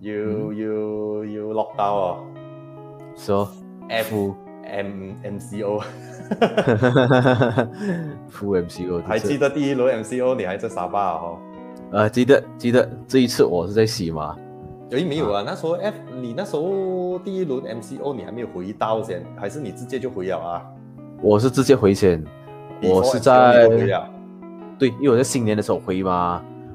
you、嗯、you you lock down 哦，so F M M C O，F M C O，還記得第一輪 M C O 你還在沙巴哦，呃，記得記得，這一次我是在西馬，誒沒有啊，啊，那時候 F 你那時候第一輪 M C O 你還沒有回到先，還是你直接就回了啊？我是直接回先，Before、我是在回，對，因為我在新年的時候回嘛。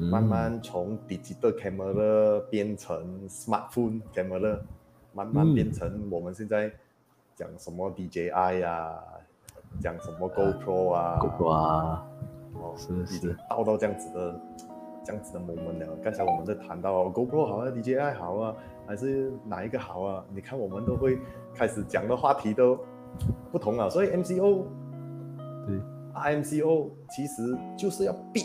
慢慢從 digital camera 變成 smartphone camera，慢慢變成我們現在講什麼 DJI 啊，講什麼 GoPro 啊，啊，GoPro 啊，哦，是是，已經到到這樣子的，這樣子的 moment 了。剛才我們在談到 GoPro 好啊，DJI 好啊，還是哪一個好啊？你看我們都會開始講的話題都不同啊，所以 MCO，對 i、啊、MCO 其實就是要避。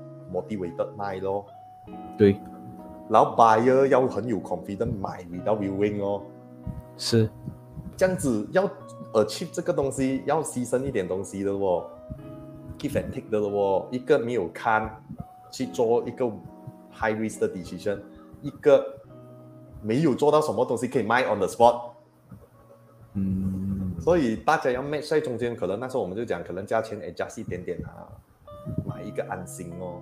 motivated 賣咯，對，然後 buyer 要很有 confidence 買，without viewing 哦，是，咁樣子要 achieve 這個東西要犧牲一點東西的喎，give and take 的咯喎，一個沒有看去做一個 high risk 的 decision，一個沒有做到什麼東西可以賣 on the spot，嗯，所以大家要 match 在中間，可能那時候我們就講可能價錢 adjust 一點點啊，買一個安心哦。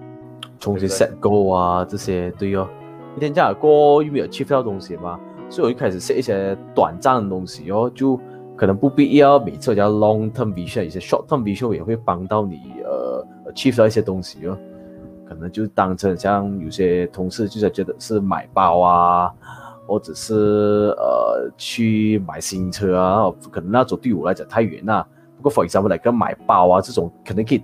重新 set goal 啊，對對這些對哦，一天假後過又沒有 achieve 到東西嘛，所以我就開始 set 一些短暫的東西哦，就可能不必要，每次而 long term visual 有些 short term visual 也會幫到你，呃 achieve 到一些東西咯、哦嗯，可能就當成像有些同事就就覺得是買包啊，或者是誒、呃、去買新車啊，可能那種對我來講太遠啦、啊，不過 for example 嚟、like、買包啊，這種肯定可以。